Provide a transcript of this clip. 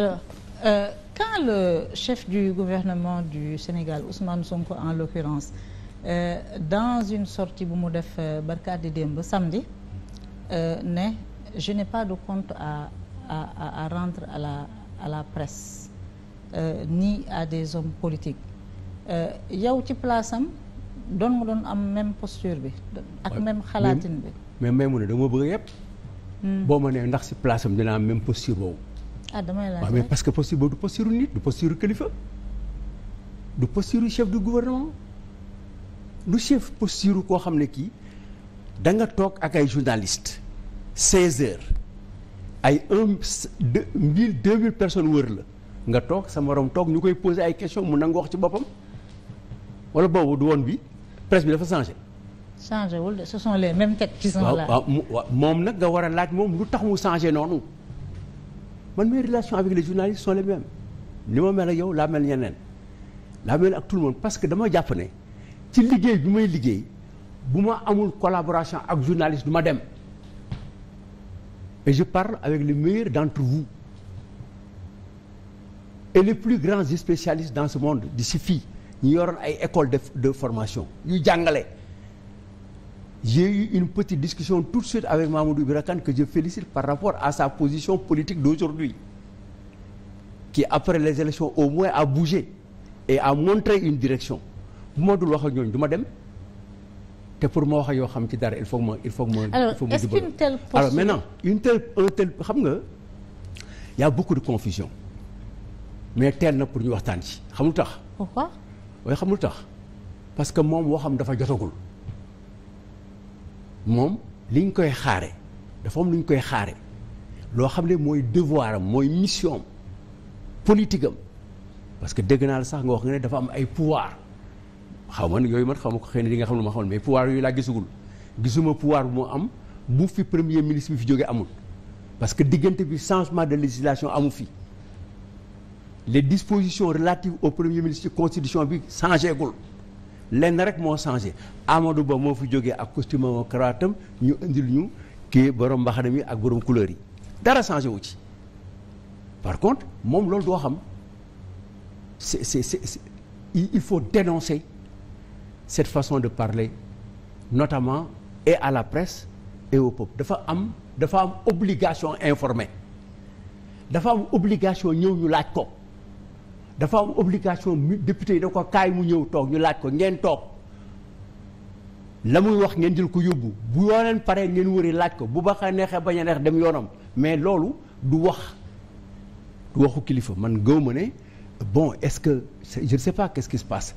alors euh, quand le chef du gouvernement du Sénégal Ousmane Sonko en l'occurrence euh, dans une sortie bu mu def euh, barkaati démb samedi euh, ne je n'ai pas de compte à à à rentre à la à la press euh, ni à des hommes politiques yow ci place am doon nga doon am même posture bi. ak même xalaatin bi. mais may mu ne dama bëgg yëpp. Hmm. boo ma nee ndax si place am dina am même posture boobu. ah damay laaj mais parce que posture boobu du posture nit du posture kilifa du posture chef du gouvernement du chef posture koo xam ne kii da nga toog ak ay journalistes seize heures ay un deux mille deux mille personnes wër la nga toog sa morom toog ñu koy poser ay question mu nangu wax ci boppam wala boobu du woon bi presse bi dafa changé. changé wul ce sont les mêmes têtes qui sont moom nag nga war a laaj moom lu tax mu changé noonu. man mes relations avec les journalistes sont les mêmes ni ma mel ak yow laa mel ñeneen laa mel ak tout le monde parce que dama jàpp ne ci liggéey bi may liggéey bu ma amul collaboration ak journaliste du ma dem et je parle avec les meilleurs d'entre vous et les plus grands spécialistes dans ce monde di si fii ñu yoroon ay école de de formation yu jàngale j'ai eu une petite discussion tout de suite avec Mamadou Ibrakane que je félicite par rapport à sa position politique d'aujourd'hui qui après les élections au moins à bougé et a montré une direction bu ma dul wax ak ñooñu du ma dem te pour ma wax ak yoo xam ci dara il faut ma il faut ma il faut ma alors est-ce qu'une telle posture une telle xam nga y a beaucoup confusion mais teel na pour ñu waxtaan ci xam lu tax. pourquoi waaye xam lu tax parce que moom woo xam dafa jotagul. moom li ñu koy xaare dafa am lu ñu koy xaare loo xam ne mooy devoir am mooy mission am politique am parce que dégg naa la sax nga wax nga ne dafa am ay pouvoir xaw ma yooyu man xaw ma ko xëy na di nga xam lu ma xamal mais pouvoir yooyu laa gisugul gisuma pouvoir bu mu am bu fi premier ministre bi fi jógee amul parce que diggante bi changement de législation amu fi les dispositions relatives au premier ministre ci constitution bi changé gul lenn rek moo changé Amadou Ba moo fi jógee ak costume am karaatam ñu indil ñu kii borom mbaxana mi ak borom couleur yi dara changé wu ci par contre moom loolu doo xam c'est c'est c'est il faut dénoncer cette façon de parler notamment et à la presse et au dafa am dafa am obligation informer dafa am obligation ñëw ñu laaj ko. dafa am obligation député yi da ko kaay mu ñëw toog ñu laaj ko ngeen toog la muy wax ngeen jël ko yóbbu bu yoo leen paree ngeen wëri laaj ko bu ba xa neexee bañ a neex dem yoonam mais loolu du wax du waxu kilifa man gëw ma ne bon est-ce que je ne sais pas qu'est-ce qui